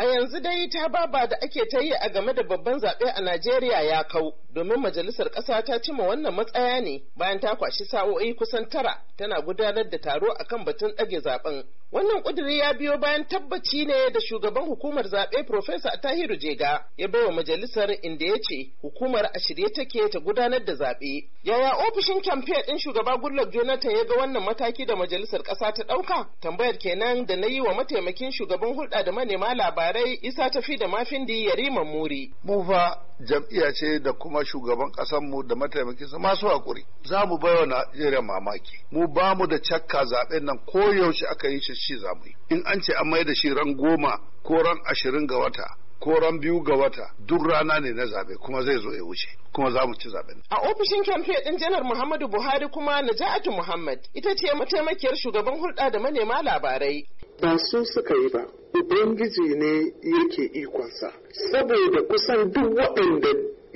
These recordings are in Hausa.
A yanzu dai ta baba da ake ta yi a game da babban zaɓe a Najeriya ya kau, domin majalisar ƙasa ta cima wannan matsaya ne bayan ta kwashi sa'o'i kusan tara tana gudanar da taro akan batun ɗage zaɓen. Wannan ƙudiri ya biyo bayan tabbaci ne da shugaban hukumar zaɓe Profesa Tahiru Jega ya baiwa majalisar inda ya ce hukumar a shirye take ta gudanar da zaɓe. Yaya ofishin kamfe ɗin shugaba Goodluck Jonathan ya ga wannan mataki da majalisar ƙasa ta ɗauka? Tambayar kenan da na yi wa mataimakin shugaban hulɗa da manema labarai Isa Tafi da Mafindi Yariman Muri. Mu fa jam'iyya ce da kuma shugaban mu da mataimakinsa masu hakuri za mu bai wa najeriya mamaki mu ba mu da cakka zaɓen nan ko yaushe aka yi shi shi za mu yi in an ce an mai da shi ran goma ko ran ashirin ga wata ko ran biyu ga wata duk rana ne na zabe kuma zai zo ya wuce kuma za mu ci zaben. A ofishin kamfe ɗin janar Muhammadu Buhari kuma Naja'atu Muhammad ita ce mataimakiyar shugaban hulɗa da manema labarai ba su suka yi ba ubangiji ne yake ikonsa saboda kusan duk waɗanda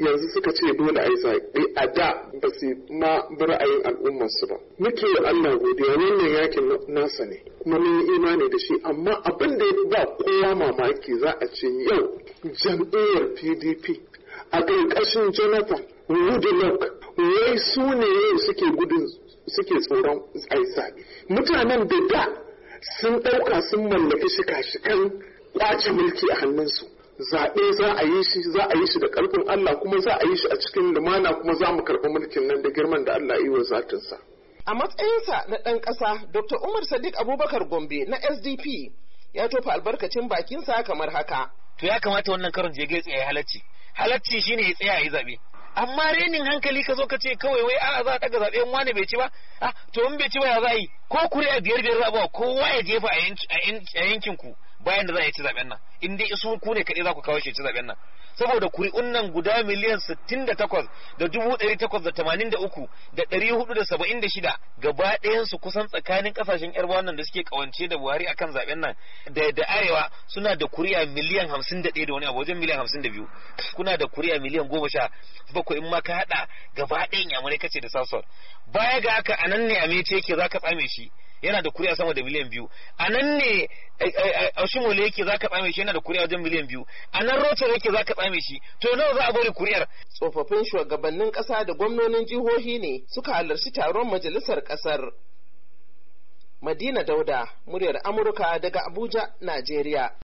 yanzu suka ce dole a yi zaɓe a da ba su ma bi ra'ayin al'ummarsu ba muke wa Allah godiya wannan yakin nasa ne kuma mun imani da shi amma abin da ba kowa mamaki za a ce yau jam'iyyar PDP a ƙarƙashin Jonathan woodlock wai su ne suke gudun suke tsoron ai zaɓe mutanen da da sun ɗauka sun mallaki shika-shikan ƙwace mulki a hannunsu zaɓe za a yi shi za a yi shi da ƙarfin Allah kuma za a yi shi a cikin lumana kuma za mu karɓi mulkin nan da girman da Allah yi wa zatinsa. A matsayinsa na ɗan ƙasa, Dr. Umar Sadiq Abubakar Gombe na SDP ya tofa albarkacin bakinsa kamar haka. To ya kamata wannan karin jirgin tsaye halacci. Halacci shine ya tsaya ya zaɓe. amma renin hankali ka zo ka ce kawai wai a za a daga yan wani bai ci ba a ah, to in bai ci ba ya za a yi ko kuri a biyar biyar za a kowa ya jefa a yankin ku bayan da za a ci zaben nan in dai isu ku ne kaɗai za ku kawo shi ci zaben nan saboda kuri'un nan guda miliyan sittin da takwas da dubu ɗari takwas da tamanin da uku da ɗari hudu da saba'in da shida gaba ɗayansu kusan tsakanin ƙasashen yarbawa nan da suke ƙawance da buhari akan zaben nan da da arewa suna da kuri'a miliyan hamsin da ɗaya da wani abu wajen miliyan hamsin da biyu kuna da kuri'a miliyan goma sha bakwai in ma ka haɗa gaba ɗayan yamurai kace da sassuwar baya ga haka a nan ne a mece yake za ka tsame shi yana da kuri'a sama da miliyan biyu a nan ne a eh, eh, eh, shi mole yake za ka tsame shi yana da kuri'a wajen miliyan biyu a nan rotor yake za ka tsame shi to nawa za a bari kuri'ar. Tsofaffin shugabannin ƙasa da gwamnonin jihohi ne suka halarci taron majalisar ƙasar. Madina Dauda, muryar Amurka daga Abuja, Najeriya.